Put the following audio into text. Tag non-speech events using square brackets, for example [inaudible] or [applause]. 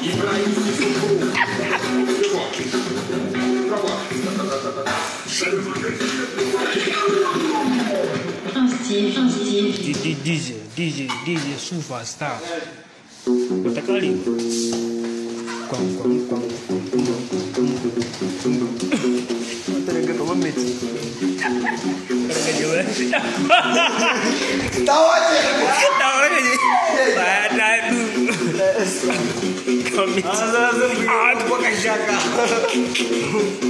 Ibrahim Socorro. Rebote. Trabalho. DJ, DJ, DJ, superstar. Bota aquela língua. Quão, quão, quão, quão, quão. Entrega Tá ótimo! [laughs] 啊，这这不敢下啊！[laughs]